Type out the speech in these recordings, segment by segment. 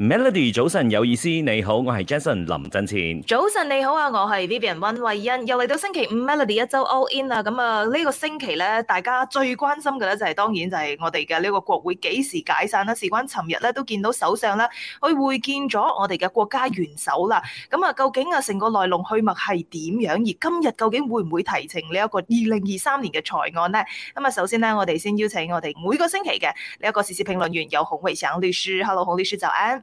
Melody，早晨有意思，你好，我係 Jason 林振前。早晨你好啊，我係 Vivian 溫慧欣，又嚟到星期五 Melody 一周 All In 啦。咁啊呢個星期咧，大家最關心嘅咧就係、是、當然就係我哋嘅呢個國會幾時解散啦，事關尋日咧都見到首相啦，去會見咗我哋嘅國家元首啦。咁、嗯、啊，究竟啊成個來龍去脈係點樣？而今日究竟會唔會提呈呢一個二零二三年嘅財案呢？咁、嗯、啊，首先呢，我哋先邀請我哋每個星期嘅呢一個時事評論員，有孔慧祥律師，Hello，孔律師就安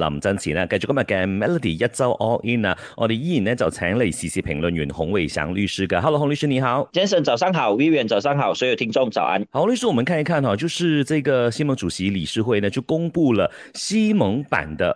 林振前呢，繼續今日嘅 Melody 一周 All In 啊！我哋依然呢就請嚟時事評論員洪維祥律師嘅，Hello，洪律師你好，Jason 早上好，Vivian 早上好，所有聽眾早安，好律師，我們看一看吓，就是這個西盟主席理事會呢就公布了西盟版的。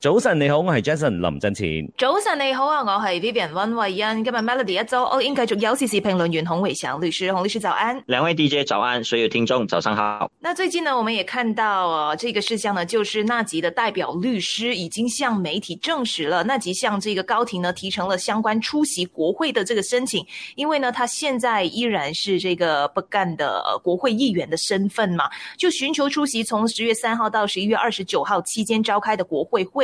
早晨，你好，我係 Jason 林振前。早晨，你好啊，我係 Vivian WYAN。今日 Melody 一周，我應該繼續有 c c 評論員洪偉祥律師，洪律師早安。兩位 DJ 早安，所有聽眾早上好。那最近呢，我們也看到啊，這個事項呢，就是納吉的代表律師已經向媒體證實了，納吉向這個高庭呢提成了相關出席國會的這個申請，因為呢，他現在依然是這個不幹的、啊、國會議員的身份嘛，就尋求出席從十月三號到十一月二十九號期間召開的國會會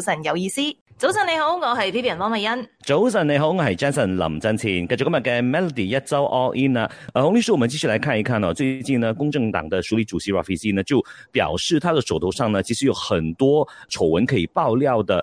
早晨有意思，早晨你好，我係 Vivian 汪美欣。早晨你好，我係 Jason 林振前。繼續今日嘅 Melody 一周 All In 啦、啊。阿、呃、洪律師，我們接住嚟看一看咯、哦。最近呢，公正黨的署理主席 Rafizi 呢就表示，他的手頭上呢其實有很多醜聞可以爆料的。